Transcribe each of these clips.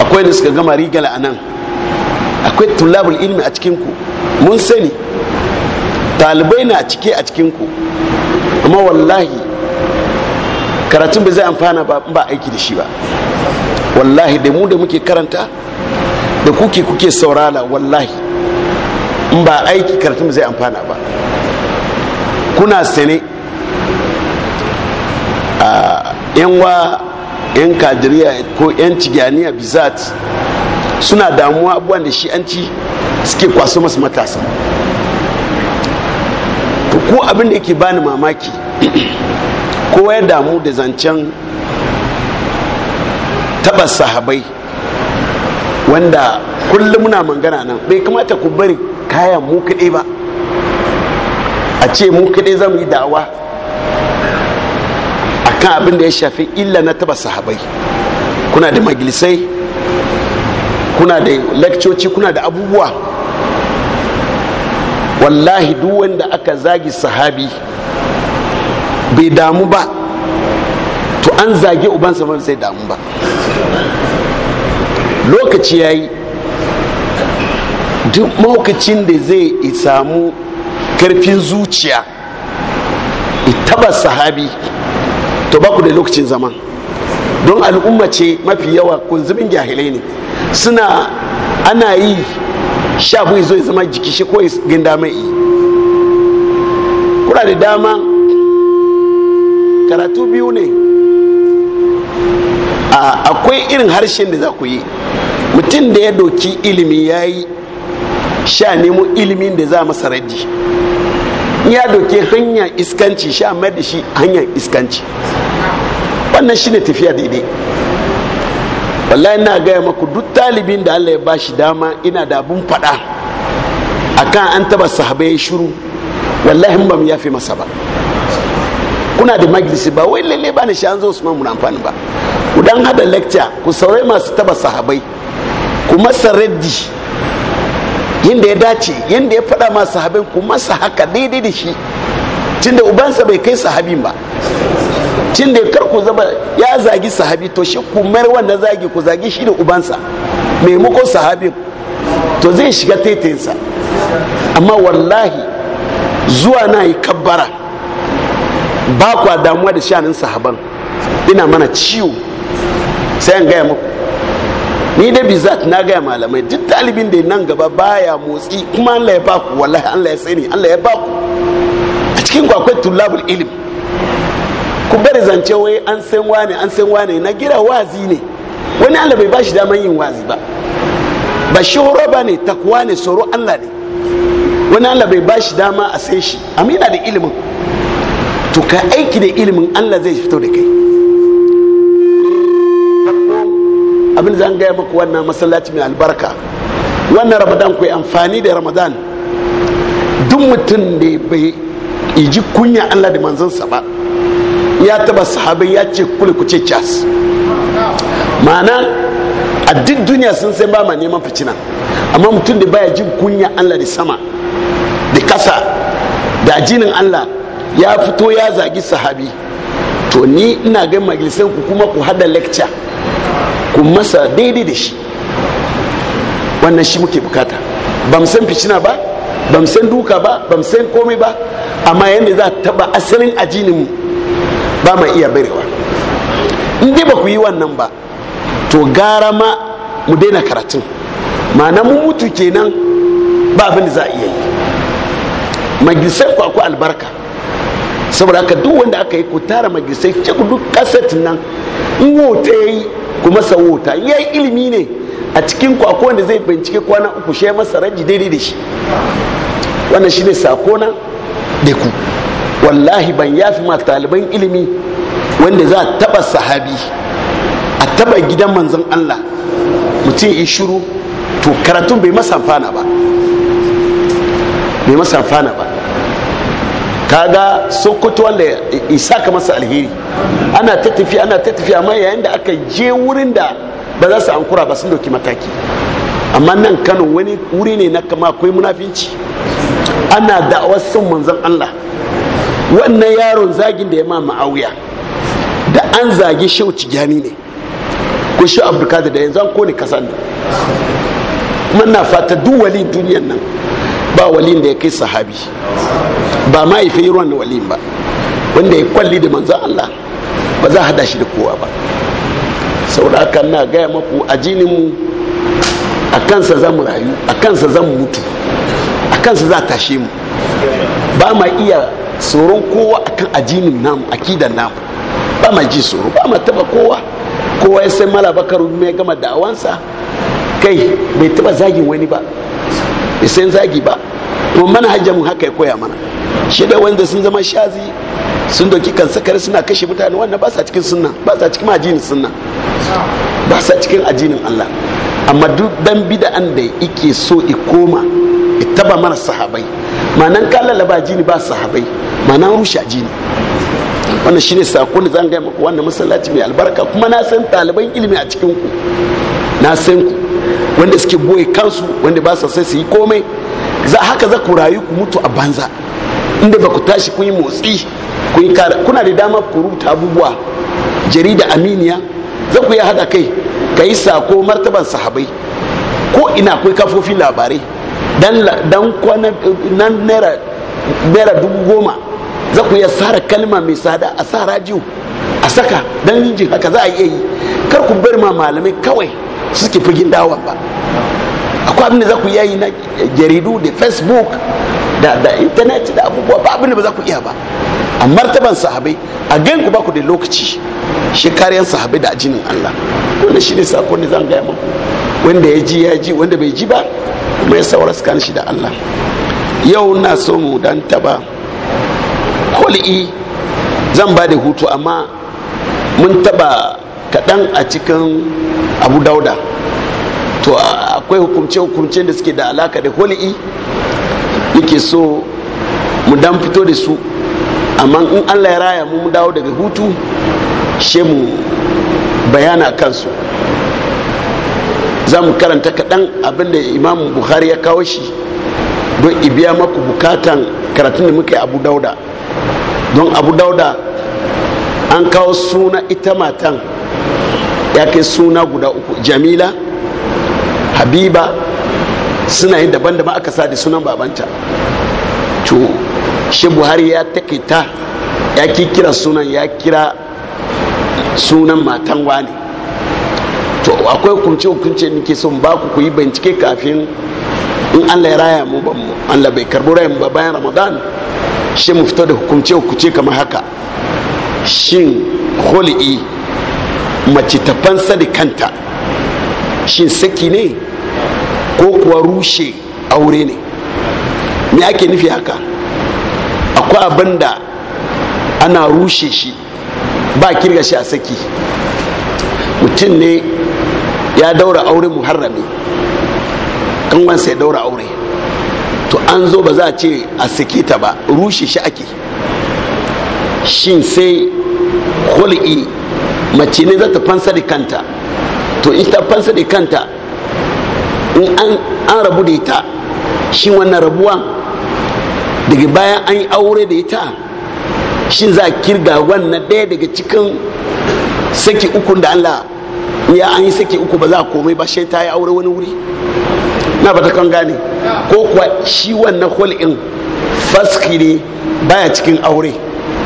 akwai da suka gama rigala a nan akwai tulabul ilmi a cikinku mun sani talibai na cike a cikinku amma wallahi karatun bai zai amfana ba ba aiki da shi ba wallahi da mu da muke karanta da kuke kuke saurala wallahi in ba aiki karatun zai amfana ba kuna sani a yanwa yan kadiriya ko yan tijaniya bizat suna damuwa abubuwan da shi ci suke kwaso masu matasa to ko abin da yake bani mamaki ko ya damu da zancen taɓa sahabai wanda kullum muna mangana nan bai kamata ku bari kayan mu ba a ce mu kaɗai zamu yi da'awa kan abin da ya shafi illa na taba sahabai kuna da majalisai kuna da lakcoci kuna da abubuwa wallahi duk wanda aka zagi sahabi bai damu ba to an zage ubansa ba zai damu ba lokaci ya yi duk maukacin da zai samu karfin zuciya itaɓa sahabi to ba ku da lokacin zaman don al'umma ce mafi yawa kunzumin jahilai ne suna ana yi sha bai zo zama jiki shi ko ginda mai kuna da dama karatu biyu ne akwai irin harshen da za ku yi mutum da ya doki ilimi ya yi sha nemo ilimin da za masa radi ya doke hanyar iskanci sha mai da shi hanyar iskanci wannan shine tafiya daidai wallahi ina gaya maku duk talibin da allah ya ba shi dama ina da abun faɗa akan an taba sahabai shiru wallahi ba mu yafe masa ba kuna da majalisi ba wai lalle ba ni shi an zo su mamuna amfani ba ku dan hada lecture ku saurai masu taba sahabai ku masa reddi. yadda ya dace yadda ya faɗa ma sahabin ku masa haka daidai da shi tunda ubansa bai kai sahabin ba tunda kar ku zama ya zagi sahabi to shi ku mayar wanda zagi ku zagi shi da ubansa maimakon sahabin to zai shiga taitayinsa amma wallahi zuwa na yi kabbara ba kwa damuwa da shanin sahaban ina mana ciwo sai an gaya muku ni dai bizat na gaya malamai duk talibin da nan gaba baya motsi kuma Allah ya baku wallahi Allah ya sani Allah ya baku a cikin ku akwai tulabul ilim ku bari zance wai an san wane an san wane na gira wazi ne wani Allah bai bashi daman yin wazi ba ba shoro ba ne takwa ne soro Allah ne wani Allah bai bashi dama a san shi amina da ilimin to ka aiki da ilimin Allah zai fito da kai abin zan gaya muku wannan masallaci mai albarka wannan ramadan ku amfani da ramadan duk mutum da bai iji kunya allah da manzansa ba ya taba sahabai ya ce kule ku ce cas ma'ana a duk duniya sun sai ba ma neman fitina amma mutum da baya jin kunya allah da sama da kasa da ajinin allah ya fito ya zagi sahabi to ni ina ga majalisan ku kuma ku hada lecture ku masa daidai da shi wannan shi muke bukata ba san ficina ba ba san duka ba ba san komai ba amma yadda za a taba asalin ajinin ba mai iya barewa inda ba ku yi wannan ba to gara ma mu daina karatun ma'ana mu mutu kenan ba abin da za a iya yi majalisar ku akwai albarka saboda haka duk wanda aka yi ku tara majalisai cikin duk kaset nan in wote ya yi kuma sauta ya yi ilimi ne a cikin ku akwai wanda zai bincike kwana uku shi masa raji daidai da shi wannan shi shine sakona da ku wallahi ban ya fi ma taliban ilimi wanda za a taba sahabi a taba gidan manzon Allah mutum in shiru to karatun bai masa amfana ba bai masa amfana ba kaga sokoto wanda isa ka masa alheri ana ta tafiya ana ta tafi amma yayin da aka je wurin da ba za su ankura ba sun doki mataki amma nan kano wani wuri ne na kama akwai munafinci ana da'awar son manzon allah wannan yaron zagin da ya ma ma'auya da an zagi shau cigani ne ko shi abdulkadir da yanzu an kone kasan nan kuma na fata duk wali duniyan nan ba walin da ya kai sahabi ba ma ife ruwan wali ba wanda ya kwalli da manzan Allah ba za a hada shi da kowa ba da aka na gaya maku ajinin mu a kansa za mu rayu a kansa za mu mutu a kansa za tashe mu ba ma iya tsoron kowa a kan ajinin namu akidan namu ba ma ji tsoro ba ma taba kowa kowa ya sai mala bakar mai gama da'awansa kai bai taba zagin wani ba bai san zagi ba to manhajar mun haka ya koya mana shi da wanda sun zama shazi sun doki kan sakari suna kashe mutane wannan ba sa cikin sunna ba sa cikin ajinin sunna ba sa cikin ajinin Allah amma duk dan bid'an da yake so i koma ittaba mana sahabai manan kallala ba ajini ba sahabai manan rushe ajini wannan shine sakon da zan ga muku wannan masallaci mai albarka kuma na san taliban ilimi a cikin ku na san ku wanda suke boye kansu wanda ba sa sai su yi komai za haka za ku rayu ku mutu a banza inda ba ku tashi kun yi motsi kun yi kara kuna da dama ku rubuta abubuwa jarida aminiya za ku yi hada kai ka yi sako martaban sahabai ko ina kai kafofi labarai dan nan naira dubu goma za ku iya sara kalma mai sada a sa rajiyo a saka dan yin haka za a iya yi kar ku bar ma malamai kawai suke fugin dawa ba akwai abin da za ku yi na jaridu da facebook da da internet da abubuwa ba abin da ba za ku iya ba a martaban sahabai a gan ku ba ku da lokaci shi kariyar sahabai da ajinin Allah shi ne sako ne zan gaya muku wanda ya ji ya ji wanda bai ji ba kuma ya saura kan shi da Allah yau na so mu dan taba kuli'i zan ba da hutu amma mun taba kaɗan a cikin abu dauda to a akwai hukumce-hukumce da suke da alaka da holi'i yake so mu dan fito da su amma in allah ya raya mu dawo daga hutu she mu bayana kansu za mu karanta kaɗan abinda imam buhari ya kawo shi don ibiya maku bukatan karatun da muka yi abu dauda don abu dauda an kawo suna ita matan ya kai suna guda uku jamila habiba suna yi daban-daban aka sa da sunan babanta to shi buhari ya takaita ya kira sunan ya kira sunan matan wani to akwai hukunce hukunce nake son ba ku ku yi bincike kafin in allah ya raya mu ban mu allah bai raya mu ba bayan ramadan shi mu fita da hukunce hukunce kamar haka shin holi'i mace ta fansa da kanta shin saki ne ko kuwa rushe aure ne me ake nufi haka akwai abin da ana rushe shi ba kirga shi a saki mutum ne ya daura aure muharrami kan wansa ya daura aure to an zo ba za a ce a Saki ta ba rushe shi ake shin sai hul'i mace ne za ta fansa da kanta to ita fansa da kanta in an rabu da ita shi wannan rabuwa daga bayan an yi aure da ita shi za a kirga wannan ɗaya daga cikin saki uku da allah ya an yi saki uku ba za a komai ba shi ta yi aure wani wuri na ba ta kan gane ko kuwa shi wannan hul'in faski ne baya cikin aure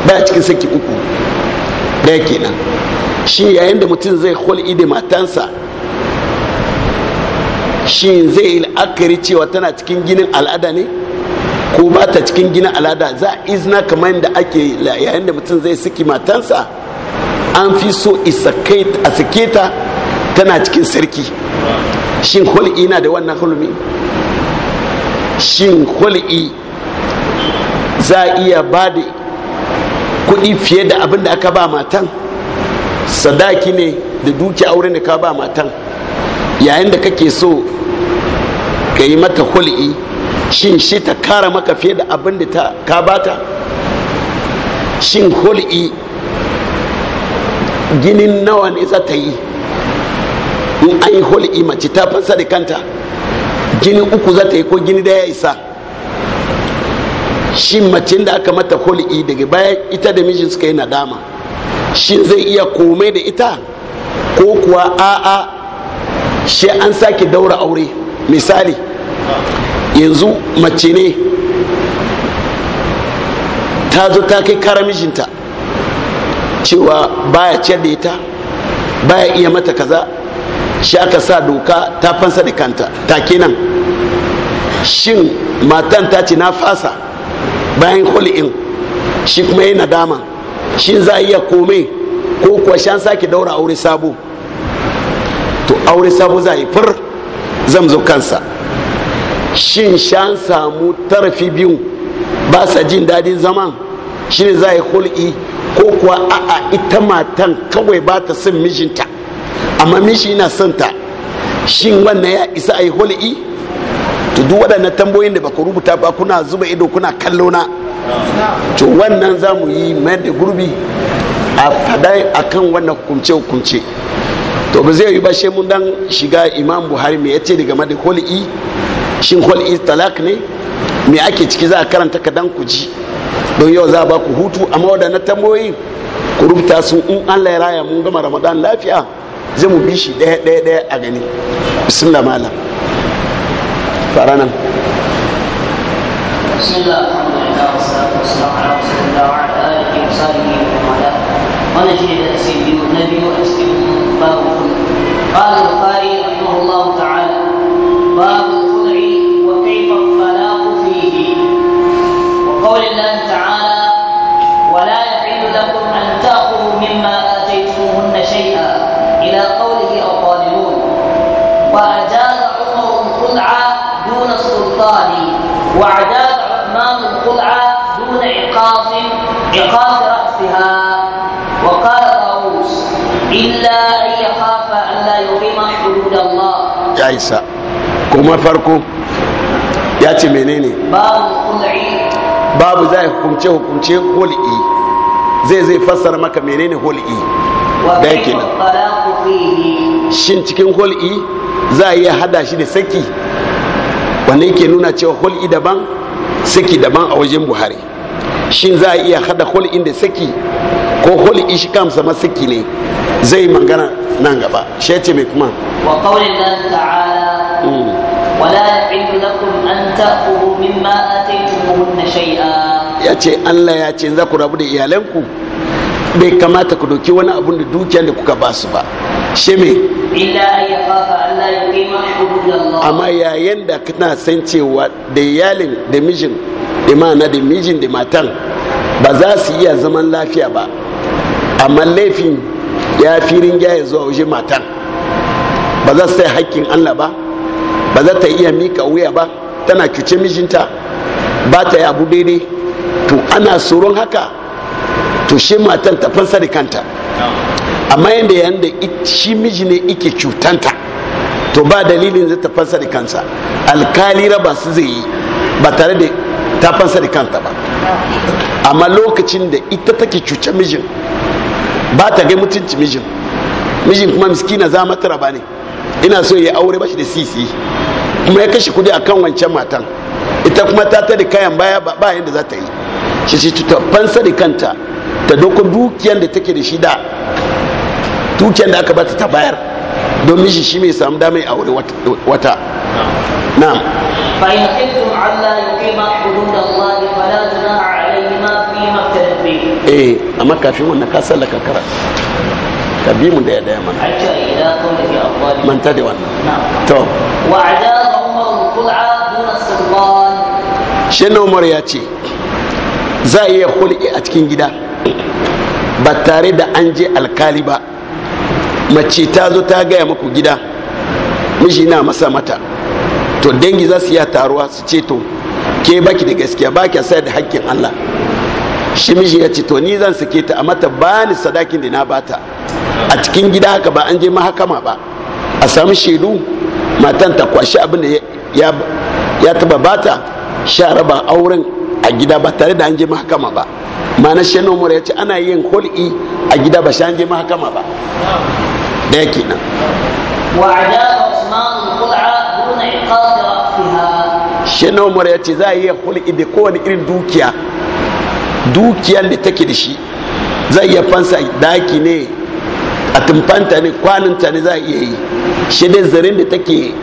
baya cikin saki uku ɗaya kenan shi yayin da mutum zai hul'i da matansa shin zai yi la'akari cewa tana cikin ginin al'ada ne ko ba ta cikin ginin al'ada za a izina kamar yadda ake yayin da mutum zai siki matansa an fi so a sake ta tana cikin sarki shin hul'i na da wannan hulmi shin hul'i za a iya ba da kuɗi fiye da abin da aka ba matan sadaki ne da duki auren da ka ba matan yayin da kake so ka yi mata hul'i shin shi ta kara maka fiye da abin da ta ka bata shin hul'i ginin nawa ne za ta yi in an yi hul'i mace ta fansa da kanta gini uku za ta yi ko gini daya isa shin mace da aka mata hul'i daga baya ita da mijin suka yi nadama shin zai iya komai da ita ko kuwa a'a shi an sake daura aure misali yanzu mace ne ta zo ta kai kara mijinta cewa baya ciyar da ita baya iya mata kaza shi aka sa doka ta fansa da kanta ta kenan shin matan ta ce na fasa bayan hul'in shi kuma yi nadama shi za a iya kome ko kuwa shan sake daura aure sabo to aure sabo za yi fir zan kansa shin shan samu tarafi biyu ba sa jin daɗin zaman shi ne za yi hul'i ko kuwa a'a ita matan kawai ba ta son mijinta amma mishi na son ta shin wannan ya isa a yi hul'i to duk waɗannan tambayoyin da baka rubuta ba kuna zuba ido kuna kallo na to wannan za mu yi mayar da gurbi a fadai akan wannan hukumce hukumce to ba zai yi ba shi mun dan shiga imam buhari me yace daga madin hul'i shin hul'i talak ne me ake ciki za a karanta ka dan ku ji don yau za a ba ku hutu amma wadana tamboyi ku rubuta su in allah ya raya mun gama ramadan lafiya zai mu bi shi ɗaya ɗaya ɗaya a gani bismillah malam fara nan wannan shi ne da biyu na biyu a cikin kuma farko ya ce menene babu zai hukumce hukumce hul'i zai zai fassara maka menene hul'i da yake nan shin cikin hul'i za a iya hada shi da saki wanda yake nuna cewa hul'i daban saki daban a wajen buhari shin za a iya hada hul'in da saki ko hul'i shi kamsa ma saki ne zai magana nan gaba shi ce mai kuma wa ta'ala ya ce yace Allah ya ce za ku rabu da iyalanku bai kamata ku doki wani abun da dukiyar da kuka basu ba shi me amma yayin da kana san cewa da iyalin da mijin da mana da mijin da matan ba za su iya zaman lafiya ba amma laifin ya firin ya zuwa wajen matan ba za su sai hakkin Allah ba ba za ta iya mika wuya ba tana cuce mijinta ba ta yi abu daidai to ana tsoron haka to shi matan ta fansa da kanta amma yadda yadda shi miji ne ike cutanta to ba dalilin zai ta fansa da kansa alkali raba su zai yi ba tare da ta fansa da kanta ba amma lokacin da ita take cuce mijin ba ta gai mutunci mijin mijin kuma miskina za mata raba ne ina so ya aure ba shi da sisi kuma ya kashe kudi akan wancan matan ita kuma ta ta da kayan baya ba yadda za ta yi shi shi ta fansa da kanta ta doko dukiyar da take da shi da dukiyar da aka bata ta bayar don shi shi mai samu damai a wuri wata na'am فإن خفتم ألا يقيم حدود الله فلا ka bi mu da ya daya mana manta da wannan to الخلع umar ya ce za a iya hulɗi a cikin gida ba tare da an je alkali ba mace ta zo ta gaya maku gida miji na masa mata to dangi za su iya taruwa su ce to ke baki da gaskiya baki a sayar da hakkin Allah shi miji ya ce to ni zan sake ta a mata ba ni sadakin da na bata a cikin gida haka ba an je mahakama ba a sami shaidu matan ta kwashi abin da ya taba bata sha ba auren a gida ba tare da an je mahakama ba mana shi nomura ya ce ana yin hul'i a gida ba shi an je mahakama ba da yake nan shi nomura ya ce za a yi hul'i da kowane irin dukiya dukiyar da take da shi zai iya fansa daki ne a tumfanta ne kwaninta ne za a iya yi shi dai zarin da take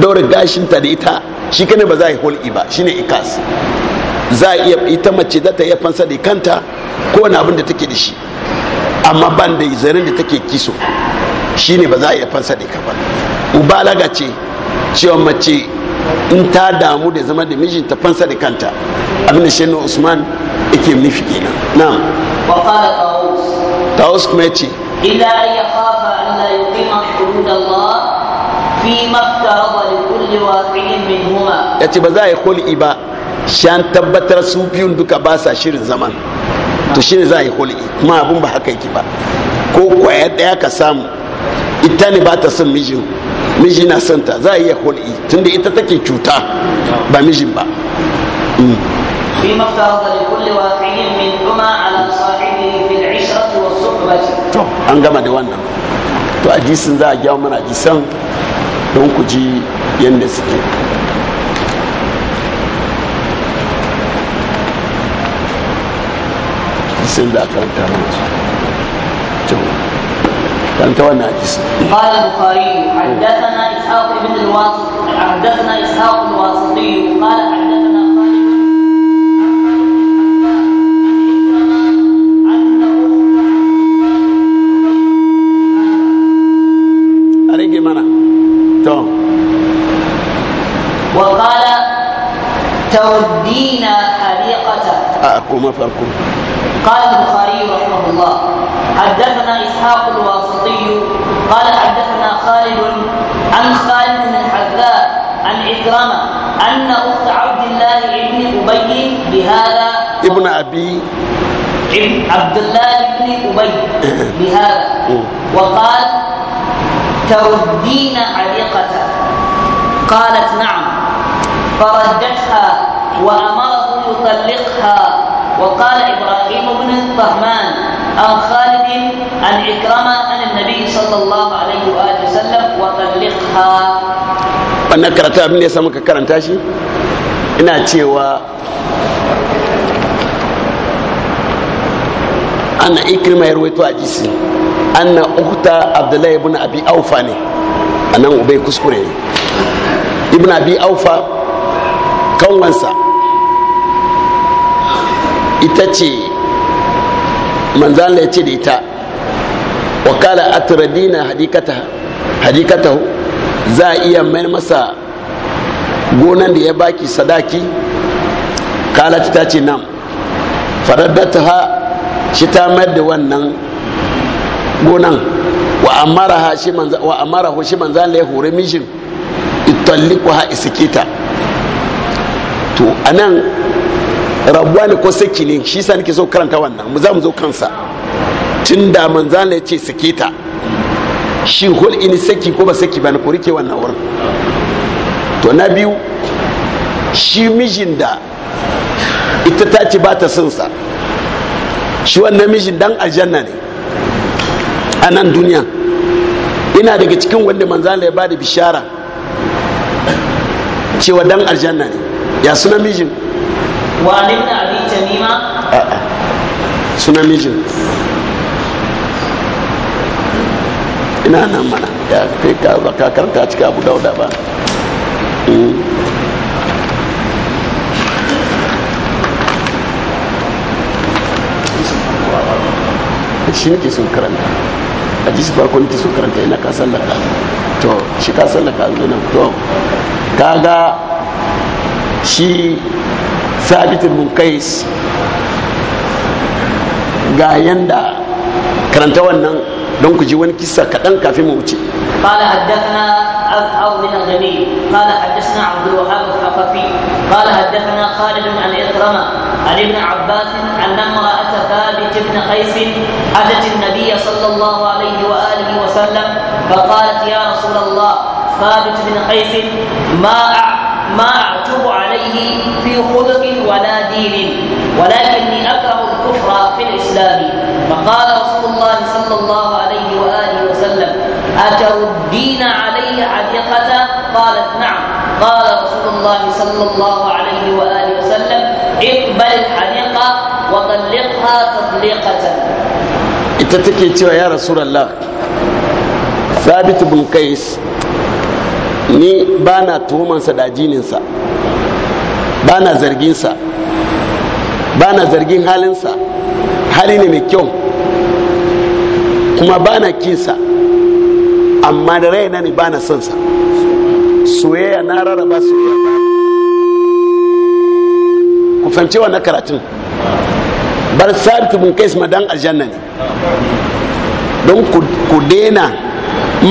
daura gashinta da ita shi kane ba za a yi hul'i ba shine ikas za a iya ita mace za ta iya fansa da kanta ko wani abin da take da shi amma ban da zarin da take kiso shine ba za a iya fansa da ka ba ubalaga ce cewa mace in ta damu da zama da mijinta fansa da kanta abin da shehu usman yake nufi kenan na'am wa qala taus taus kuma yace illa an yakhafa an la yuqima hudud fi ma ya ce ba za a yi hul'i ba shan tabbatar su biyun duka ba sa shirin zaman to shi ne za a yi hul'i kuma abin ba haka yake ba ko kwaya daya ka samu ita ne ba ta son mijin miji na son ta za a iya hul'i tunda ita take cuta ba mijin ba فيما افترض لكل واحد منهما على صاحبه في العشرة والصحبة. تو أن جمع دوانا. تو أجيسن ذا جاو من أجيسن دونك جي يندسكي. hadisin ذاك الكهنوت rubuta mutu فانت قال البخاري حدثنا اسحاق بن الواسطي حدثنا اسحاق الواسطي قال حدثنا وقال تودين خليقته أقوم فأقوم قال البخاري رحمه الله حدثنا اسحاق الواسطي قال حدثنا خالد عن خالد بن حذاء عن عكرمه ان اخت عبد الله بن ابي بهذا ابن ابي عبد الله بن ابي بهذا وقال تردين عليقته قالت نعم فردتها وامره يطلقها وقال إبراهيم بن الطهمان عن خالد عن إكرمة عن النبي صلى الله عليه وآله وسلم وطلقها wannan karatu abin da ya muka karanta shi ina cewa ana ikirma ya ruwaito a jisi ana ukta abdullahi ibn abi aufa ne ubai kuskure ita ce manzala ya ce da ita wakala atradina hadikata za a iya mai masa gonan da ya baki sadaki kalata ta ce nan faradata ha shi ta mayar da wannan gonan wa amara shi manzan ya hore mijin italliku ha isikita to anan rabuwa ne ko saki ne shi sa nake so karanta wannan mu za mu zo kansa tun da manzana ya ce sake ta shi hul in saki ko ba saki ba na ko rike wannan wurin to na biyu shi mijin da ita ta ce ba ta son sa shi wannan mijin dan aljanna ne a nan duniya ina daga cikin wanda manzana ya bada bishara cewa dan aljanna ne ya suna mijin wa ibn abi tamima ah, ah. suna mijin ina nan mana ya cika abu dauda ba hmm. shi sun karanta a ji shi sun karanta ina ka sallaka to shi ka sallaka nan to kaga shi sabit bin qais ga yanda karanta wannan don ku ji wani kisa kaɗan kafin mu wuce قال حدثنا أزهر بن الغني قال حدثنا عبد الوهاب الثقفي قال حدثنا خالد عن إكرمة عن ابن عباس أن امرأة ثابت بن قيس أتت النبي صلى الله عليه وآله وسلم فقالت يا رسول الله ثابت بن قيس ما ما أعتب عليه عليه في خلق ولا دين ولكني أكره الكفر في الإسلام فقال رسول الله صلى الله عليه وآله وسلم أتردين علي عتيقة قالت نعم قال رسول الله صلى الله عليه وآله وسلم اقبل الحديقة وطلقها تطليقة ita يا رسول الله ثابت بن قيس kais ni ba na tuhumansa da jininsa ba na zarginsa ba na zargin halinsa hali ne mai kyau kuma ba na kinsa amma da na ne ba na sa soyayya na rarraba soyayya ba ku fahimci wannan karatun bar sabit bin kais madan aljanna ne don ku dena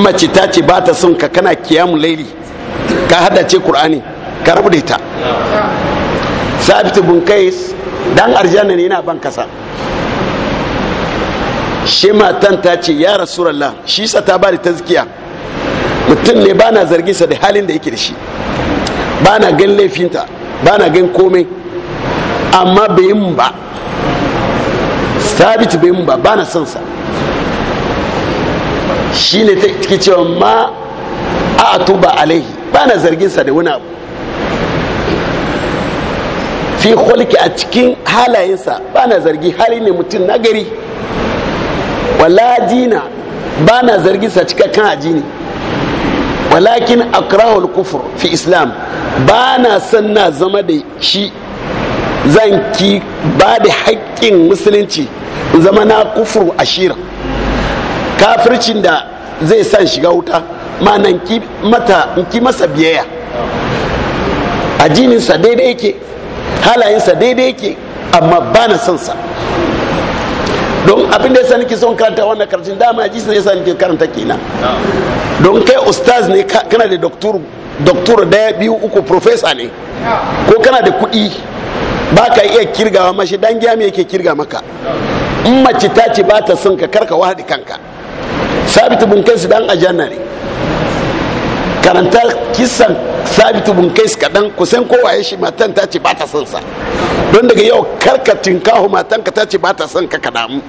mace ta ce ba ta son ka kana kiyamu laili ka ce qur'ani ka rabu da ita sabit bin kais dan arjana ne yana ban kasa shi matan ta ce ya rasulallah shi sa ta bari tazkiya mutum ne bana zargin sa da halin da yake da shi bana gan laifinta bana gan komai amma bai mun ba sabit bai mun ba bana son sa shi ne ta cewa ma a atuba alaihi bana zargin sa da wani abu fi khulqi a cikin halayensa ba na zargi hali ne mutum na gari wala dina ba na zargi sa cikakken ajini walakin akrahul kufur fi islam ba na san na zama da shi zan ki ba da haƙƙin musulunci zama na kufur ashira kafircin da zai san shiga wuta ma nan ki mata ki masa biyayya sa daidai yake halayensa daidai yake amma ba na son sa don abin da yasa nake son karanta wannan karshen dama sun ya sani ke karanta kenan don kai ustaz ne kana da doktor doktor daya biyu uku professor ne ko kana da kuɗi ba ka iya kirgawa mashi dan jami yake kirga maka in mace ta ce ba ta son ka karka wahadi kanka sabita bin kansu dan ajanna ne karanta kisan sabitu bin kais kadan kusan kowaye shi matan ta ce ba ta son sa don daga yau karka tinkahu matan ka ta ce ba ta son ka ka damu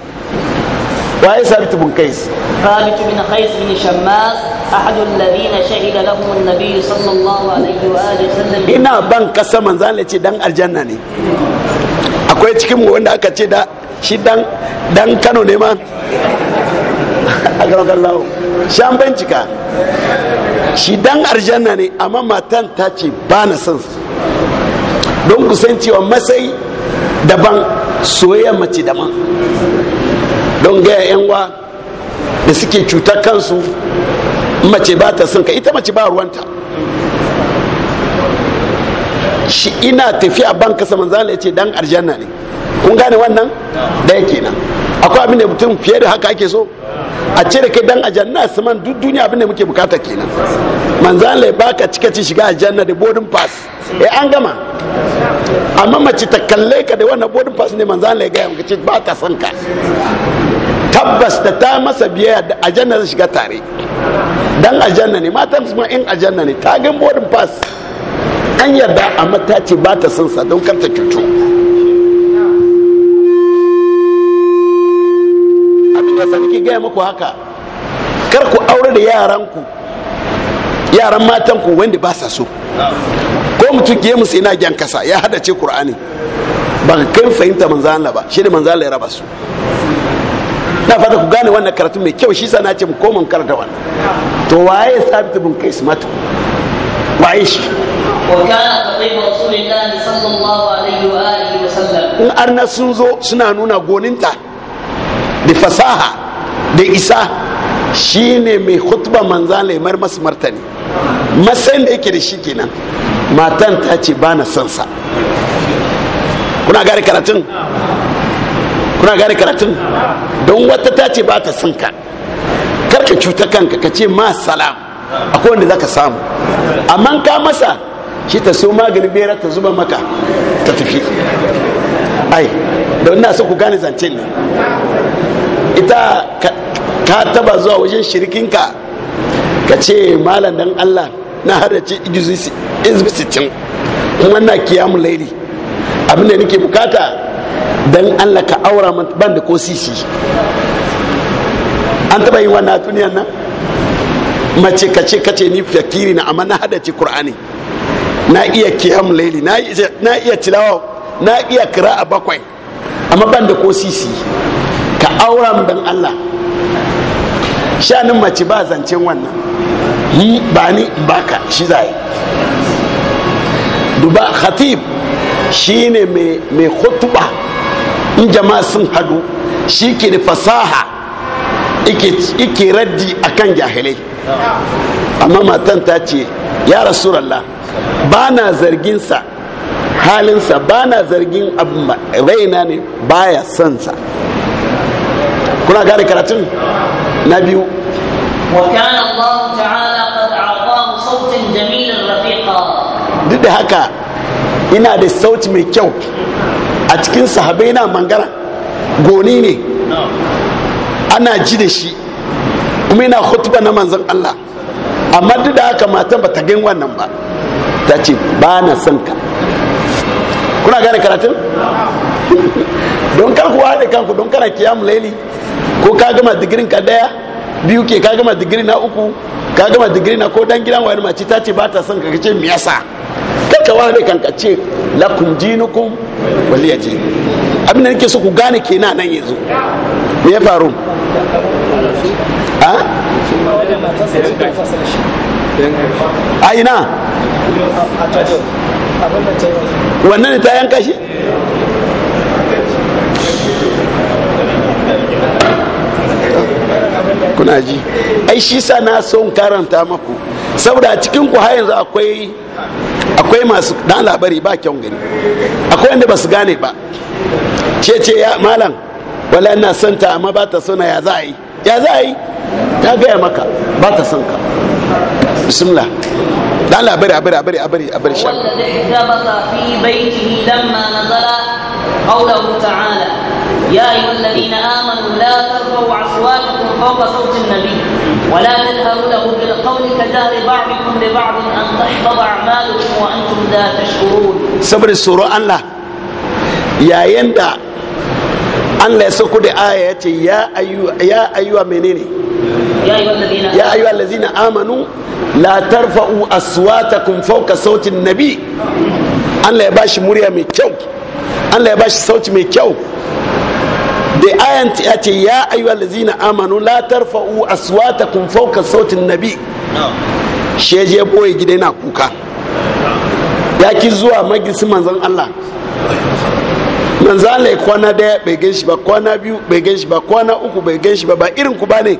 waye sabitu bin kais sabitu bin kais bin shammas ahad ladina shahida lahum an-nabiy sallallahu alaihi wa alihi wasallam ina ban kasa manzan ce dan aljanna ne akwai cikin mu wanda aka ce da shi dan dan Kano ne ma a garin Allah shi an bincika shi dan arjanna ne amma matan ta ce ba na son su don kusan cewa masai daban soyayya mace daban don gaya yanwa da suke cutar kansu mace ba ta son ka ita mace ba ruwanta shi ina tafiya ban kasa manzala ya ce dan arjanna ne kun gane wannan da yake nan akwai abin da mutum fiye da haka ake so a cire kai dan ajanna man duk duniya abin da muke bukata kenan manzan lai baka ci shiga ajanna da boarding pass eh an gama amma mace ta kalle ka da wannan boarding pass ne manzan lai ga yanka ce ba ka san ka tabbas da ta masa biyayya da ajanna zai shiga tare dan ajanna ne matan kuma in ajanna ne ta gan boarding pass an yarda amma ta ce ba ta san sa don kanta cutu yasa nake gaya muku haka kar ku aure da yaranku yaran matanku wanda ba sa so ko mutum ke musu ina gyan kasa ya ce qur'ani ba ka kai fahimta manzo Allah ba shi da manzo Allah ya raba su na fata ku gane wannan karatu mai kyau shi sa na ce mu koma karanta wannan to waye sabit bin kais mata waye shi in arna sun zo suna nuna goninta da fasaha da isa shine mai khutba manza laimar masu martani matsayin da yake da shi kenan matan ta ce ba na son sa kuna gane karatun kuna gane karatun don wata ta ce ba ta son ka karka cuta kanka ka ce ma salam akwai wanda zaka samu amma ka masa shi ta so maganin bera ta zuba maka ta tafi ai da ina so ku gane zancen ne ita ka taba zuwa wajen shirikinka ka ce malam dan allah na harace izbi sittin kuma na kiyamu laili abinda nake bukata dan allah ka aura ban da ko sisi an taba yi wannan duniyan nan mace ka ce ni fakiri na amma na hadace qur'ani na iya kiyam laili na iya tilawa na iya kira a bakwai amma ban da ko sisi ka aura mu dan Allah shanin mace ba zancen wannan yi ba ni ka shi zai duba khatib ne mai hutuba in jama'a sun hadu shi ke da fasaha ike raddi kan jahilai amma matan ta ce ya rasulallah ba na zarginsa halinsa ba na zargin raina ne baya sansa kuna gane karatun na biyu duk da haka ina da sauti mai kyau a cikin sahabai na mangara goni ne ana ji da shi kuma yana hutuba na manzan Allah amma duk da haka matan ba ta gani wannan ba ta ce ba na son ka kuna gane karatun don kar ku da kanku don kana kiyamu laili ko ka gama digirin ka daya biyu ke ka gama digiri na uku ka gama digiri na ko dan gidan wani mace ta ce ba ta son ka kace me yasa kaka ne kanka ce lakum dinukum waliya abin da nake so ku gane kenan nan yanzu me ya faru ah? a ina wannan ta yanka shi kuna ji ai shi sa na son karanta maku saboda cikin ku har yanzu akwai akwai masu dan labari ba kyan gani akwai wanda ba su gane ba ce ce ya malam wala ina son ta amma ba ta sona ya za a yi ya za a yi ta gaya maka ba ta son ka bismillah dan labari abari abari abari abari sha Allah fi baitihi lamma nazala qawluhu ta'ala ya ayyuhallazina amanu la tarfa'u فوق صوت النبي ولا تجهروا له بالقول كجهر بعضكم لبعض أن تحفظ أعمالكم وأنتم لا تشكرون saboda tsoron الله يا da Allah ya sauko da aya ya ce ya ayyuwa menene ya ayyuwa lazina amanu la tarfa'u kun fauka sautin nabi Allah ya bashi murya mai kyau Allah ya bashi sauti mai kyau da ayan ya ce ya ayyuhal ladzina amanu la tarfa'u aswatakum fauka sautin nabi sheje boye gida yana kuka ya ki zuwa magisi manzon Allah manzon Allah kwana daya bai gan shi ba kwana biyu bai gan shi ba kwana uku bai gan shi ba ba irin ku bane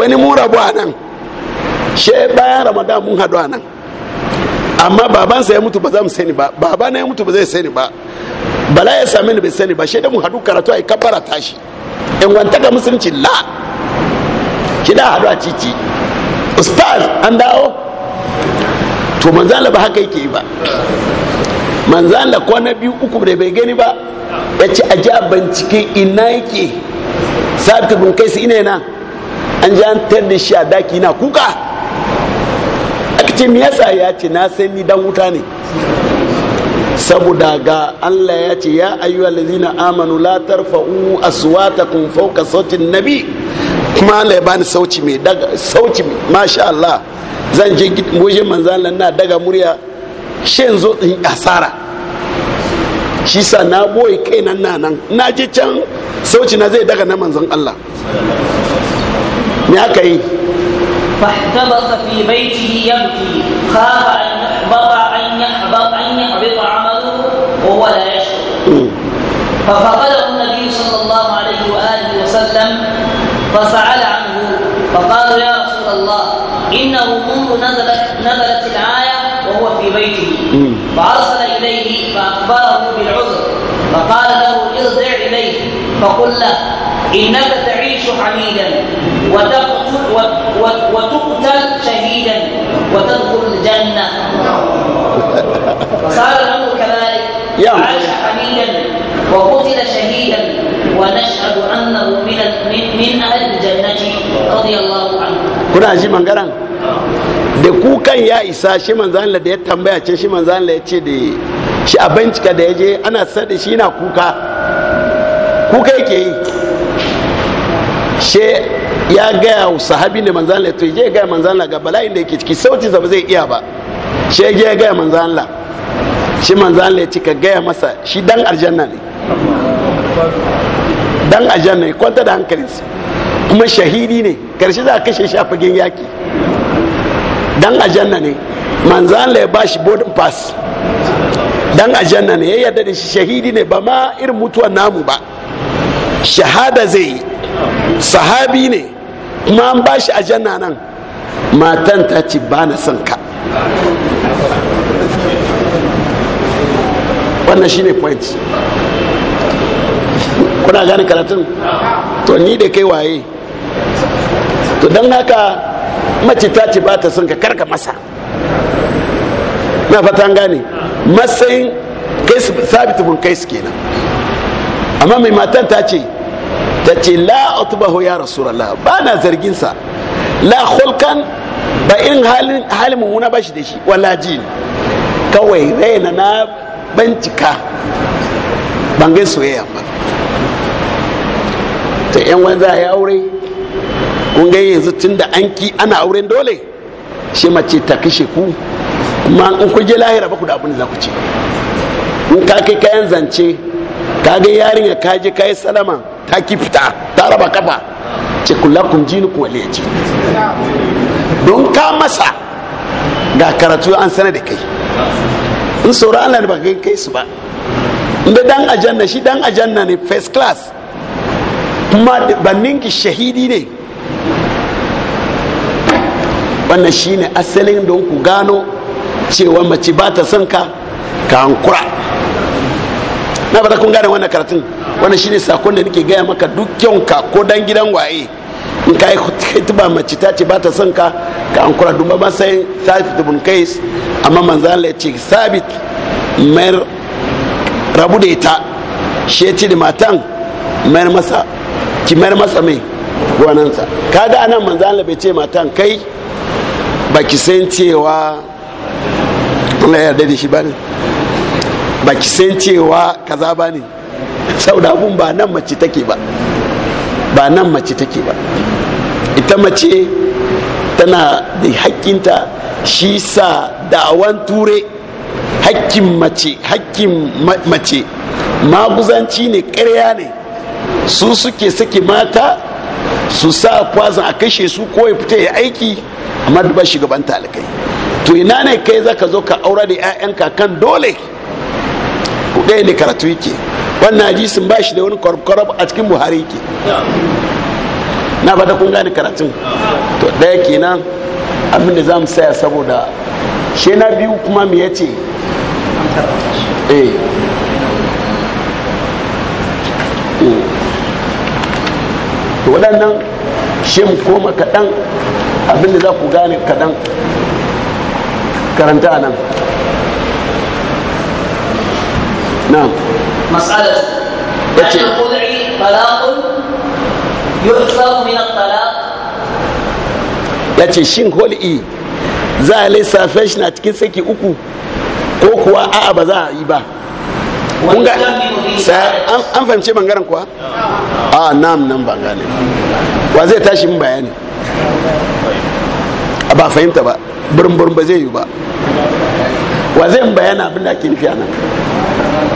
wani mu rabu a nan she bayan ramadan mun hadu a nan amma babansa ya mutu ba za mu sani ba baba na ya mutu ba zai sani ba bala ya same ni bai sani ba shaidan mu hadu karatu ai kabara tashi in ga musulunci la ki da hadu a cici ustaz an dawo to manzala ba haka yake ba manzala kwana biyu uku da bai gani ba ya ci a ja bincike ina yake sabta bin kai su ina yana an ji an tar shi a daki na kuka aka ce miyasa ya ce na sani dan wuta ne saboda ga Allah ya ce ya ayyuha allazina amanu la tarfa'u aswatakum fawqa sautin nabi kuma Allah ya bani sauci mai daga sauci masha Allah zan je gojin manzan na daga murya shi zo in asara shi sa na boye kai nan na nan na je can sauci na zai daga na manzan Allah me aka yi فاحتبس في بيته يبكي خاف وهو لا ففقده النبي صلى الله عليه واله وسلم فسأل عنه فقال يا رسول الله انه منذ نزلت نزلت الايه وهو في بيته فارسل اليه فاخبره بالعذر فقال له ارجع اليه فقل له انك تعيش حميدا وتقتل وتقتل شهيدا وتدخل الجنه فصار له كلام وعاش حميدا وقتل شهيدا ونشهد انه من من اهل الجنه رضي الله عنه kuna ji mangaran da kukan ya isa shi manzan Allah da ya tambaya ce shi manzan Allah ya ce da shi a bincika da ya je ana sada shi na kuka kuka yake yi she ya gaya wa sahabi da manzan Allah to je gaya manzan Allah ga bala'in da yake ciki sautin zaba zai iya ba she ya gaya manzan Allah shi manzo Allah ya ce ka gaya masa shi dan aljanna ne dan aljanna ne kwanta da hankalinsa kuma shahidi ne karshe za a kashe shi a fagen yaki dan aljanna ne manzo Allah ya ba shi boarding pass dan aljanna ne ya yarda da shi shahidi ne ba ma irin mutuwar namu ba shahada zai yi sahabi ne kuma an ba shi aljanna nan matan ta ci ba na son ka wannan shine point kuna gane karatun to ni da kai waye to don haka mace ta ce ba ta son ka karka masa na fata gane matsayin sabit bin suke nan amma mai matan ta ce ta ce la utbahu ya rasu ba na zargin sa la khulkan ba irin halin halin mummuna ba shi da shi wala jin kawai raina na bincika ban gai soyayya ba ta yan wani za a yi aure kun yanzu tun da an ki ana auren dole shi mace ta kashe ku kuma in ku je lahira ba ku da abin da za ku ce in ka kai kayan zance ka ga yarinya ka je ka yi salama ta ki fita ta raba kafa ce kula kun ji ni kuwa ce, don ka masa ga karatu an sana da kai in sauran allah ne ba kai kai su ba inda dan ajanna shi dan ajanna ne first class kuma ki shahidi ne wannan ne asalin don ku gano cewa mace ba ta son ka ka hankura na ba ta kun gane wannan karatun wannan ne sakon da nake gaya maka dukkan ka ko dan gidan waye in ka yi hituba mace ta ce ba ta son ka ka an kura dumba masai sabit ibn kais amma manzan Allah ya ce sabit mayar rabu da ita shi ya ce da matan mayar masa ki mayar masa mai gwanansa ga anan manzan Allah bai ce matan kai ba ki san cewa Allah ya yarda da shi ba ne ba ki san cewa kaza ba ne sau da abun ba nan mace take ba ba nan mace take ba ita mace tana da hakkinta shi sa da'awan ture hakkin mace hakkin mace maguzanci ne karya ne su suke sake mata su sa kwazan a kashe su ko ya fita ya aiki amma da ba shugaban talakai to ina ne kai zaka zo ka aura da 'ya'yanka kan dole ku ɗaya ne karatu yake wannan hadisin ba shi da wani kwarkwarab a cikin buhari ke na fata kun gane karatun to daya kenan abin da za mu saya saboda shi na biyu kuma me yace eh. eh to waɗannan shi mu koma kaɗan abin da za ku gane kaɗan karanta nan na'am مسألة عن الخلع طلاق يحفظ من الطلاق yace shin hul'i za a lissafe shi na cikin saki uku ko kuwa a'a ba za a yi ba kunga an fahimce bangaren kuwa a nam nan ba gane wa zai tashi min bayani a ba fahimta ba burin burin ba zai yi ba wa zai bayana abin da ake nufi a nan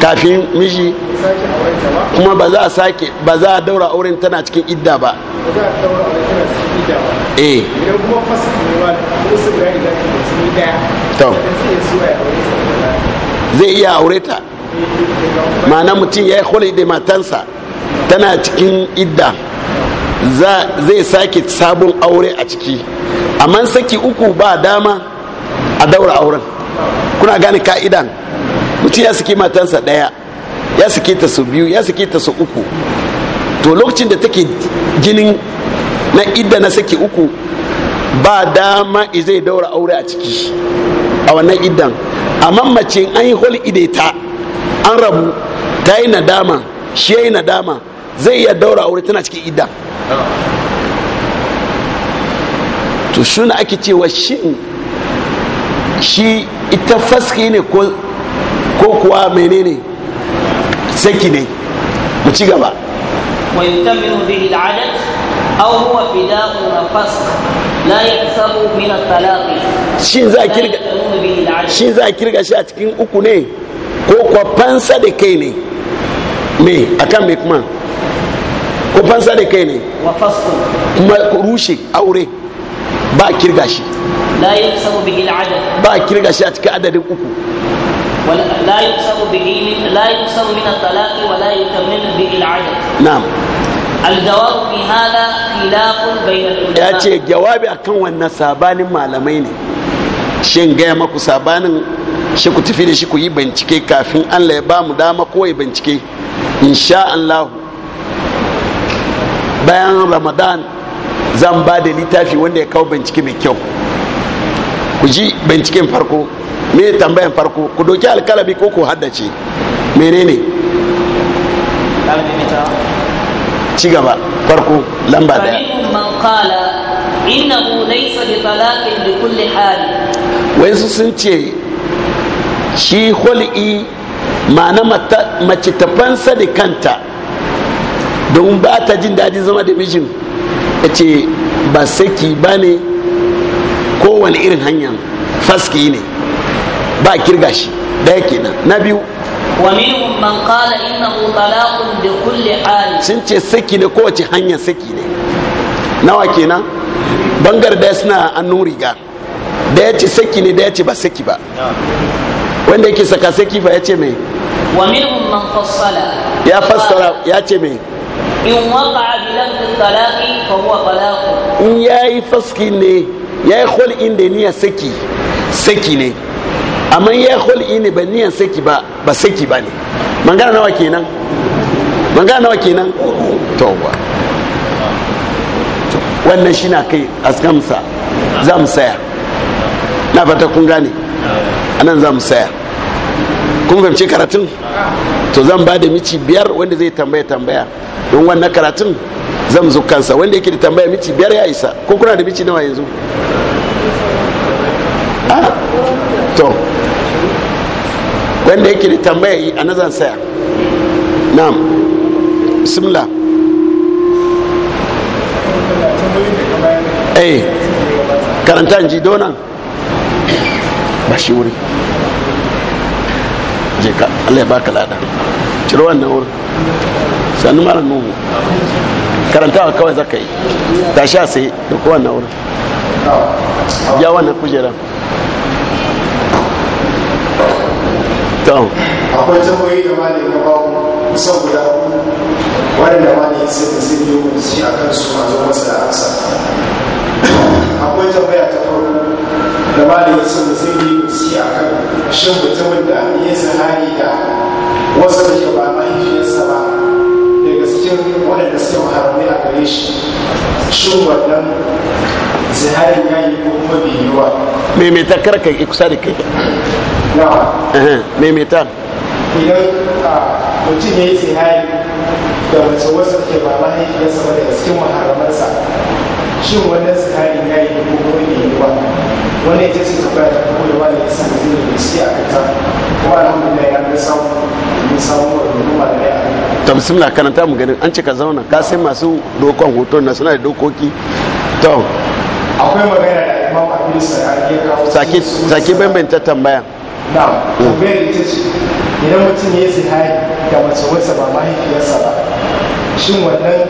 kafin miji kuma ba za a sake daura auren tana cikin idda ba eh zai iya aure ta ma'ana mutum ya yi huli da matansa tana cikin idda zai sake sabon aure a ciki amma saki uku ba dama a daura auren kuna gane ka'idan mutum ya saki matansa ɗaya ya saki ta su biyu ya saki ta su uku to lokacin da take jinin na idda na saki uku ba dama zai daura aure a ciki a wannan iddan amma mace an yi hol ta an rabu ta yi nadama shi ya yi nadama zai iya daura aure tana cikin idda to shi ake cewa shi ita faske ne ko ko kuwa menene saki ne mu ci gaba ويتمم به العدد أو هو فداء وفسق لا يحسب من الطلاق shin za kirga shin za kirga shi a cikin uku ne ko kwa fansa da kai ne me akan me kuma ko fansa da kai ne Wa kuma rushe aure ba kirga shi la yahsabu bihi al'adad ba kirga shi a cikin adadin uku ولا يقسم به لا يقسم من الطلاق ولا به العدد نعم الجواب في هذا خلاف بين العلماء يا شيخ جوابي akan wannan sabanin malamai ne shin gaya maku sabanin shi ku tafi da shi ku yi bincike kafin Allah ya ba mu dama ko bincike insha Allah bayan Ramadan zan ba da littafi wanda ya kawo bincike mai kyau ku ji binciken farko me tambayan farko ku doki alkalabi ko ku haddace menene ci gaba farko lamba da wai sun ce shi hul'i ma'ana mace ta fansa da kanta don ba ta jin daji zama da mijin ya ce ba saki ba ne kowane irin hanyar faski ne ba a kirga shi daya kenan na biyu sun ce saki إنه kowace hanyar saki ne nawa kenan bangar daya suna annun riga da ce saki ne daya ce ba saki ba wanda yake saka saki fa ya ce mai ya fassara ya ce mai in waka da talaqi fa huwa talaq in yayi faski ne ya yi khul'in da niyya saki saki ne amma ya hul'i ne ba niyan saki ba ba saki ba ne mangana nawa kenan mangana nawa kenan ba wannan shi na kai askamsa za mu saya na fata kun gane a nan za mu saya kun fahimci karatun to zan ba da mici biyar wanda zai tambaya tambaya don wannan karatun zan zo kansa wanda yake da tambaya mici biyar ya isa ko kuna da mici nawa yanzu ah? to wanda yake da tambaya yi a nazan saya na'am simla eh karanta ji donan ba shi wuri je ka allah ya baka lada ciro wannan wuri sannu malam karanta karantawa kawai zaka yi ta a sai da kowanne wuri ya wannan kujera akwai tambayi da ma ya babu saboda wanda ma ne sai da zai yi wuce a kan su mazo masa da amsa akwai ta farko da ma sai da yi wuce a kan shin mutumin da ya da wasu da ke ba mahaifiyarsa ba daga cikin waɗanda suke maharamai a gare shi shin wannan ziharin ya ko kuma bai yi wa me mai takarka kusa da kai mai mai ta idan mutum ya yi tsihari da wace wasu ke ba mahaifiyarsa ba daga cikin maharamansa shin wannan tsihari ya yi ko ko ne yi ba wannan ita ce tafiya ta kuma da wani yasa da zai da shi a kanta kuma alhamdulillah ya ga samu mun samu wa da ya ta bismillah karanta mu ganin an cika zauna ka sai masu dokon hoton na suna da dokoki to akwai magana da imam abin sa'adi ya kawo sake bambanta tambaya na tambayar oh. ita ce idan mutum ya zihari ga mace wasa ba mahaifiyarsa ba shin wannan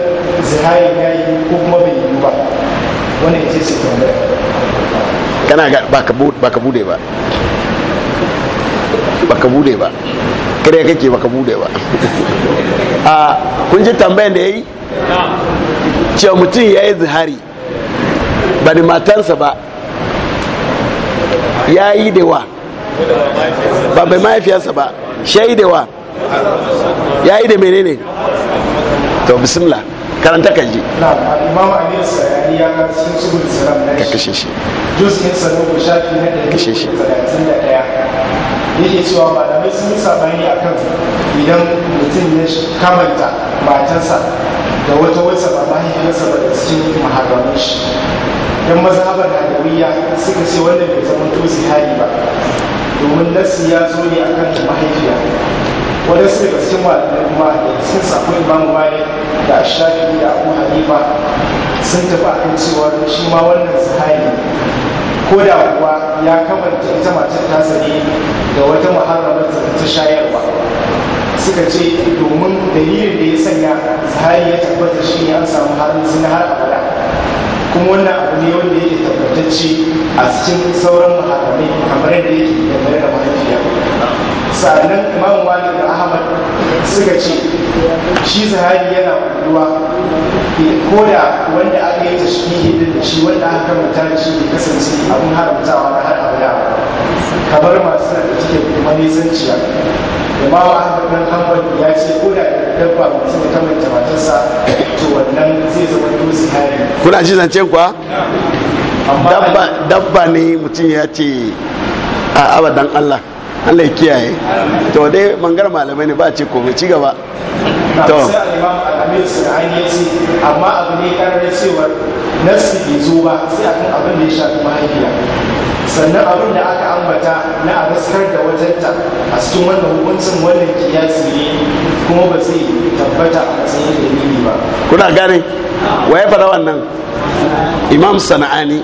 zihari ya yi ko kuma bai yi ba wani ita ce tambayar kana ga ba ka bude ba ba ka bude ba kare kake ba ka bude ba a ah, kun ji tambayar da ya yi cewa mutum ya yi zihari ba da matarsa ba ya yi da wa ba mai mahaifiyarsa ba shaidewa ya yi da menene to bismillah karanta kan ji ka kashe shi kashe shi yake cewa malamai sun yi sabani a kan idan mutum ya kamanta matansa da wata wata ba mahaifiyarsa ba da cikin maharamin shi don mazhabar na da wuya suka ce wannan bai zama to zihari ba domin nasi ya zo ne a kan mahaifiya wadda su da cikin malamai kuma sun sako imamu bayan da shafi da abu hanifa sun tafi akan cewa shi ma wannan sahabi ko da kuwa ya kamanta ita matar ta sani da wata muharramar ta shayarwa suka ce domin dalilin da ya sanya zahari ya tabbata shi ne an samu harin zina har abada kuma wannan abu ne wanda yake tabbatacce a cikin sauran mahakamai kamar yadda yake dangane da mahaifiya sannan imam wani da ahmad suka ce shi zahari yana kuduwa ko da wanda aka yi tashbihi din da shi wanda aka kamata da shi ne kasance abin haramtawa na har abada kamar masu sarki cikin kuma ma wa ahmad kan hanbal ya ce ko da dabba mutum ta mace matarsa to wannan zai zama dozi hari kuna ji zance kuwa dabba ne mutum ya ce a abadan allah allah ya kiyaye to dai mangar malamai ne ba ce ko ci gaba to amma abu ne karar cewa nasi ke zo ba sai akan abin da ya shafi mahaifiya sannan abin da aka ambata na a raskar da wajenta a cikin wannan hukuncin wannan kiyasi ne kuma ba zai tabbata a matsayin dalili ba kuna gane wa ya fara wannan imam sana'ani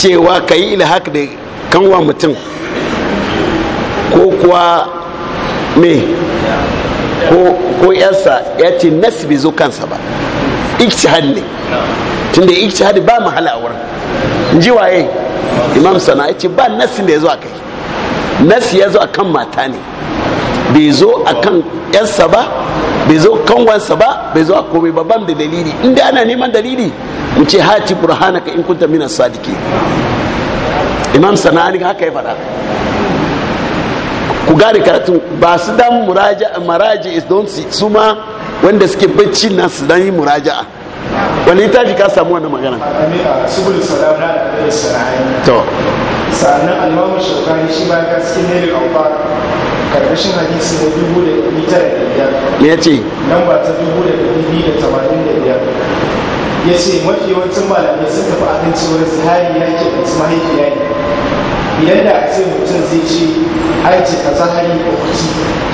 cewa ka yi ilhaq da kanwa mutum ko kuwa me ko yarsa ya ce nasi bai zo kansa ba Ikci tun ne ikci hannu ba mahala a wurin jiwaye waye imam sana ya ce ba nasin da ya zo a kai nasi ya zo a kan mata ne bai zo a kan yansa ba bai zo wansa ba bai zo a komai ban da dalili inda ana neman dalili in ce hati burhanaka in kunta minas sadiki imam sana'ani haka ya faɗa ku gane karatu ba su dan muraja maraji is don su ma wanda suke bacci na su dan yi muraja'a wani ita littafi ka samu wannan magana to sannan alimamu shaukani shi ba ka cikin nere auba karkashin hadisi da dubu da ɗari tara da biyar ya ce nan ba ta dubu da ɗari biyu da tamanin da biyar ya ce mafi yawancin malamai sun tafi akan cewar zihari ya ke da mahaifiya ne idan da a ce mutum zai ce an ce ka zahari ko kuci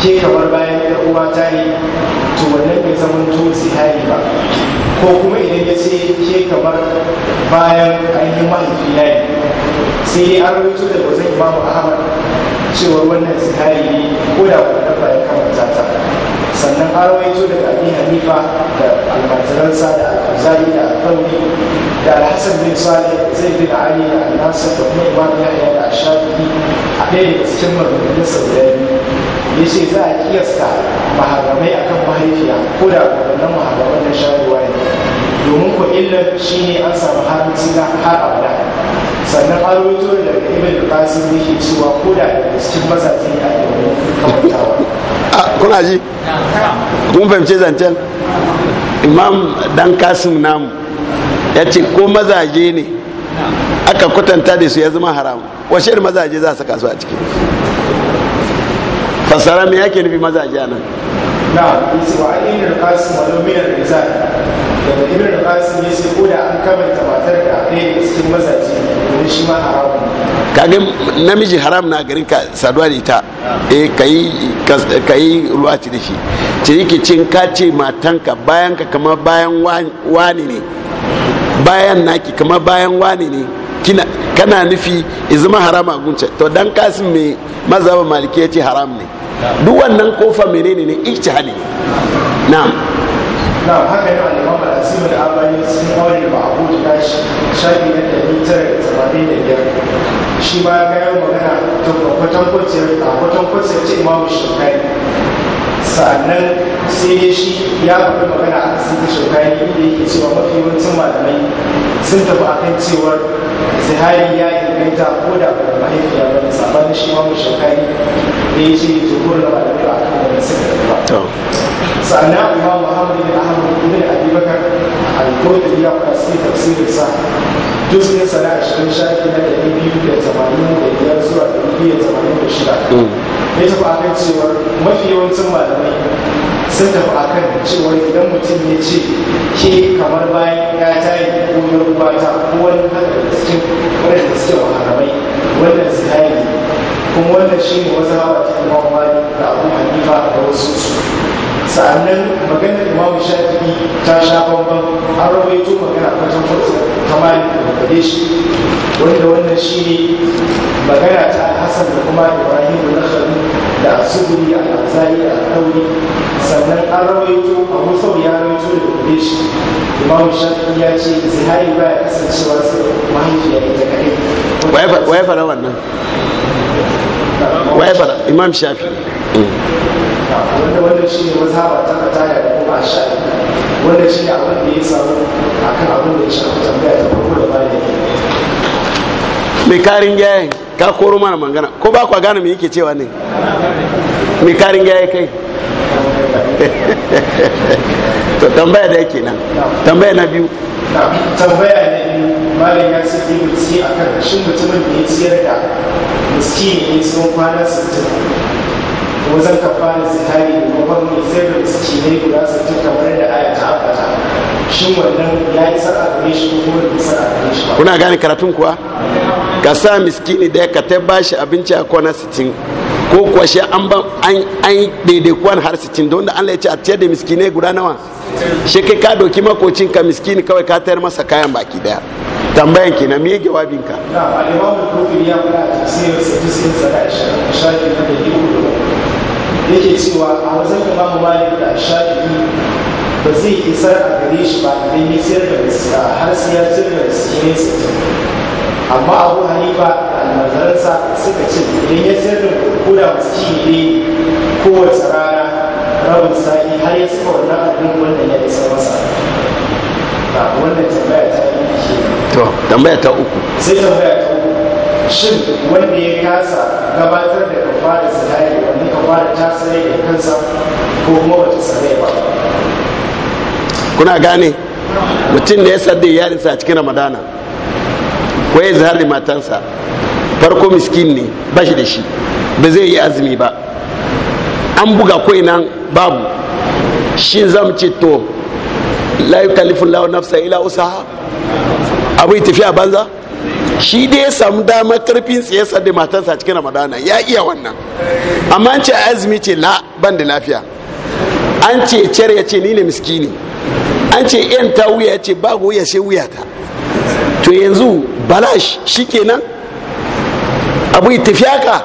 ke kamar bayan ɗan uwa ta ne to wannan bai zama to zihari ba ko kuma idan ya ce ke kamar bayan ainihin mahaifi yayi yi sai dai an da ba zai imamu ahmad cewar wannan zihari ne ko da wannan ba ya kamata ta sannan an da daga abin hanifa da almajiransa da alzari da alfauni da alhassan bin sale zai bin ali da annasir da kuma imam yahya da ashafi a ɗaya da cikin marmarin guda biyu ya ce za a kiyasta maharamai akan mahaifiya ko da wannan maharaman na shayarwa ne domin ko illar shi ne an samu haramci na har abada sannan an rubuto da ibn qasim ke cewa ko da daga cikin mazaje ne ake kamantawa ah, kuna ji kun fahimce zancen imam dan kasim namu ya ce ko mazaje ne aka kwatanta da su ya zama haram washe mazaje za su kasu a ciki fassara me yake nufi mazaje a nan na su wa ainihin da qasim wa lumin da rizal da ibn da qasim ne sai ko da an kamanta matar da ɗaya da cikin mazaje domin shi ma haramun kage namiji haram na garin ka saduwa da ita eh kai kai ruwaci da shi yake cin ka ce matanka bayan ka kama bayan wani ne bayan naki kama bayan wani ne kina kana nufi izuma harama gunce to dan kasim mai mazhab maliki ya ce haram ne duk wannan kofa menene ne ijtihadi ne Na. na'am haka ne al-imam al-azim al-abani sun kawai ma'bud dashi shafi na 1985 shi ma ga yau magana to kwatan kwatsiyar kwatan kwatsiyar ce imamu shafi'i sannan sai dai shi ya faɗi magana a cikin kashin kayan inda yake cewa mafi wancan malamai sun tafi akan cewar zihari ya yi inganta ko da ba mahaifiya da da ya ce da da a kan wani suka ba sannan muhammad ahmad ya fara sai sa duk sun sana a cikin shafi na ɗari biyu da tamanin da biyar zuwa ɗari biyu da shida mm. ya tafi a kan cewar mafi yawancin malamai sun tafi a kan cewar idan mutum ya ce ce kamar bayan ya ta yi koyon rubata ko wani haka da cikin wadanda suke wa haramai kuma wannan shi ne wasu hawa ta imam malik da abu hanifa da wasu su sa'annan maganar imam shafi ta sha bambam an rawaito magana kwatan kwatan ta malik da gare shi wanda wannan shi ne magana ta hassan da kuma ibrahim da shari'a da suguri a ansari a kauri sannan an rawaito a musau ya rawaito da kuɗe shi imam shafi ya ce zihari ba ya kasancewa su mahaifiya ita kaɗai waye fara wannan waye fara imam shafi eh. wanda wannan shi ne mazhaba ta kata da kuma shafi wanda shi ne abin da ya samu akan abin da ya shafi tambaya ta kuma mai karin gyayen ka koro mana mangana ko ba kwa gane mai yake cewa ne mai karin gyayen kai to tambaya da yake nan tambaya na biyu tambaya na biyu malin ya sai mutsi a karkashin mutumin da ya ciyar da miskini ne sun kwana sittin wajen kafara zikari da mafan mai sai da ne guda ta kamar da aya ta abata shin wannan ya yi sa'a gare shi ko kuma bai sa'a gare shi kuna gane karatun kuwa ka sa miskini daya ka ta ba shi abinci a kwana 60 ko kuwa shi an ban an yi daidai kwan har 60 don da Allah ya ce a ciyar da miskine guda nawa shi kai ka doki makocin ka miskini kawai ka tayar masa kayan baki daya tambayan ke na me jawabin ka yake cewa a ba zai isar a gare shi ba a ya sayar da har sai ya sayar da miskine 60 amma abu hanifa da almanzaransa suka ce idan ya sayar da ko da miskini ne kowace rana rabin sa'i har ya suka wannan abin wanda ya isa masa wannan tambaya ta yi ke to tambaya ta uku sai tambaya ta uku shin wanda ya kasa gabatar da kafa da sadari wanda kafa da ta sarai da kansa ko kuma wata sarai ba kuna gane mutum da ya sadda yarinsa a cikin ramadana ko ya zahar da matansa farko miskin ne ba shi da shi ba zai yi azumi ba an buga kawai nan babu shi zam ce to layu kalifin lawa nafsa ila usaha abu yi tafiya banza shi dai ya samu dama karfin siyasa da matansa cikin ramadana ya iya wannan amma an ce azumi ce la ban da lafiya an ce cere ya ce ni ne miskini an ce yan ta wuya ce ba wuya sai wuya ta to yanzu balash shikenan, kenan abu tafiya ka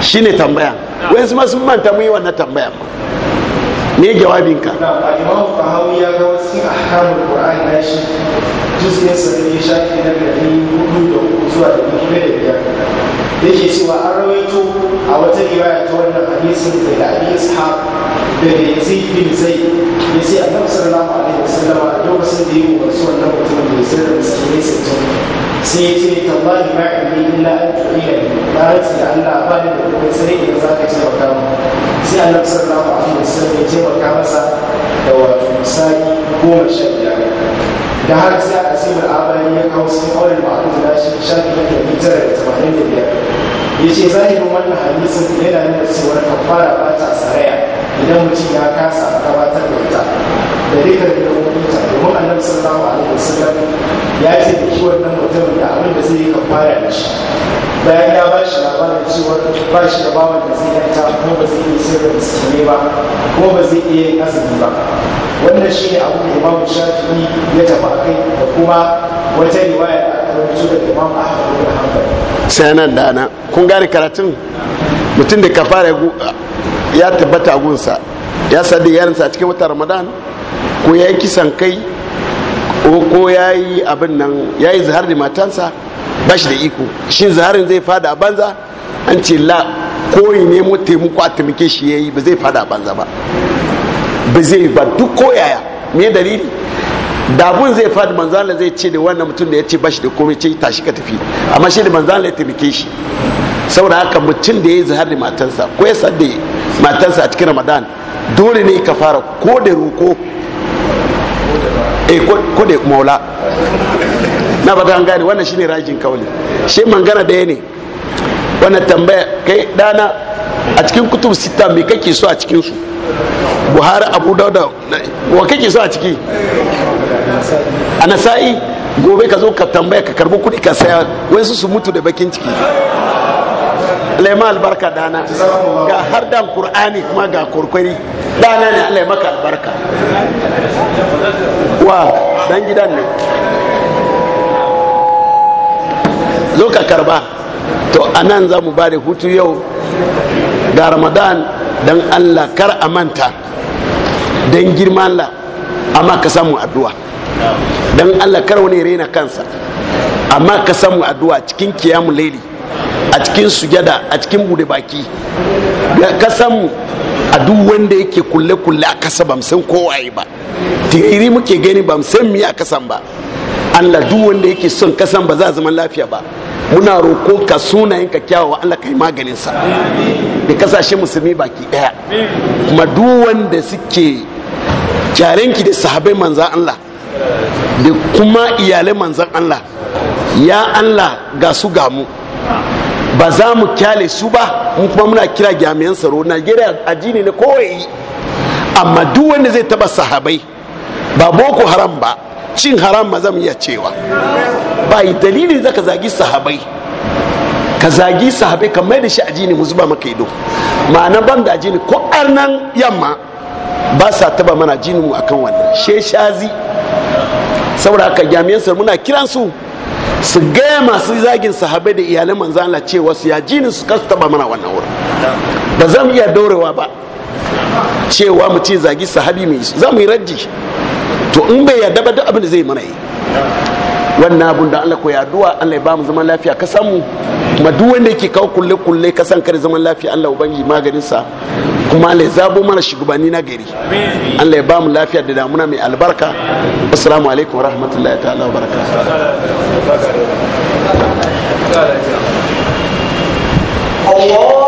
shi ne tambaya wani ma sun manta mu yi wannan tambaya ma me jawabinka na imamu ya ga wasu ahkamul qur'ani na shi juziyar sa ne shafi na ɗari hudu da uku zuwa da hudu da biyar yake cewa an rawaito a wata riwaya ta wannan hadisin da ya abi ishaq da da yazid bin zaid ya ce annabi sallallahu alaihi wasallam a lokacin da ya umarci wannan mutum da ya sirra musulmi sittin sai ya ce ta tallahi ma ilmi illa an tu'ila na rantsi da Allah ba ni da kuma sai da za ka taimaka mu sai annabi sallallahu alaihi wasallam ya taimaka masa da wato misali goma sha biyar da har sai a ce al'amari ya kawo sai kawai ma'aru da shi shafi na ke tara da tamanin da biyar ya ce zahirin wannan hadisin yana nuna cewa kafara ba ta saraya idan mutum ya kasa gabatar da ita da rikar da ta. domin annabi sallallahu alaihi wasallam ya ce da shi wannan mutum da abin da zai yi kafara da shi bayan ya ba shi labarin cewa ba shi da bawan da zai yanta ko ba zai iya sirrin musulmi ba kuma ba zai iya yin azumi ba wannan shi ne abu da imamu shafi'i ya tafi a kai da kuma wata riwaya da aka rubuta da imamu ahmad bin hanbal sai nan da ana kun gane karatun mutum da kafara ya tabbata a gunsa ya sadi yarinsa a cikin watan ramadan ko ya yi kisan kai ko ya yi abin nan ya yi zahar da matansa ba shi da iko shin zaharin zai fada a banza an ce la koyi mu taimako a taimake shi ya yi ba zai fada a banza ba ba zai ba duk koyaya me dalili dabun zai fadi manzala zai ce da wannan mutum da ya ce ba shi da komai ce tashi ka tafi amma shi da manzala ya taimake shi saboda haka mutum da ya yi zahar da matansa ko ya sadda matansa a cikin ramadan dole ne ka fara ko da roko eh ko da maula na ba an gane wannan shine rajin kauli shi mangana daya ne wannan tambaya kai dana a cikin kutub sita me kake so a cikin su buhari abu dauda wa kake so a ciki a nasa'i gobe ka zo ka tambaya ka karbi kuɗi ka saya wai su mutu da bakin ciki lema albarka dana ga har dan qur'ani kuma ga kurkuri dana ne Allah maka albarka wa dan gidan ne zo ka karba to anan za mu bada hutu yau da ramadan dan Allah kar a manta dan girma Allah amma ka samu addu'a dan Allah kar wani rena kansa amma ka samu addu'a cikin kiyamu laili a cikin sujada a cikin bude baki kasan kasan a duk wanda yake kulle-kulle a kasa ba san kowaye ba tiriri muke gani ba san miya kasan ba allah duk wanda yake son kasan ba za a zama lafiya ba muna roko ka sunayen ka wa allah yi maganin sa da kasashe musulmi baki daya kuma duk wanda suke jarenki da sahabai manzan allah da kuma iyalai manzan allah ya allah ga su gamu ba za mu kyale su ba mu kuma muna kira jami'an tsaro najeriya ajini ne kowai amma duk wanda zai taba sahabai ba boko haram ba cin haram ma zamu iya cewa ba yi dalilin zaka zagi sahabai ka zagi sahabai ka mai da shi ajini mu zuba maka ido ma'ana ban da ajini ko arnan yamma ba sa taba mana jini mu akan wannan she shazi saboda haka jami'an tsaro muna kiransu su gaya masu zagin sahabai da iyalan manzo Allah cewa su ya jini su kasu taba mana wannan wurin ba za mu iya daurewa ba cewa mu ce zagi sahabi mai za mu yi raddi to in bai yarda ba duk abin da zai mana yi wannan abun da Allah ko ya Allah ya ba mu zaman lafiya ka mu kuma duk wanda yake kawo kulle kulle ka san kare zaman lafiya Allah ubangi maganin sa kuma Allah ya zabo mana shugabanni na gari Allah ya ba mu lafiya da damuna mai albarka assalamu alaikum rahmatullahi ta'ala baraka Allah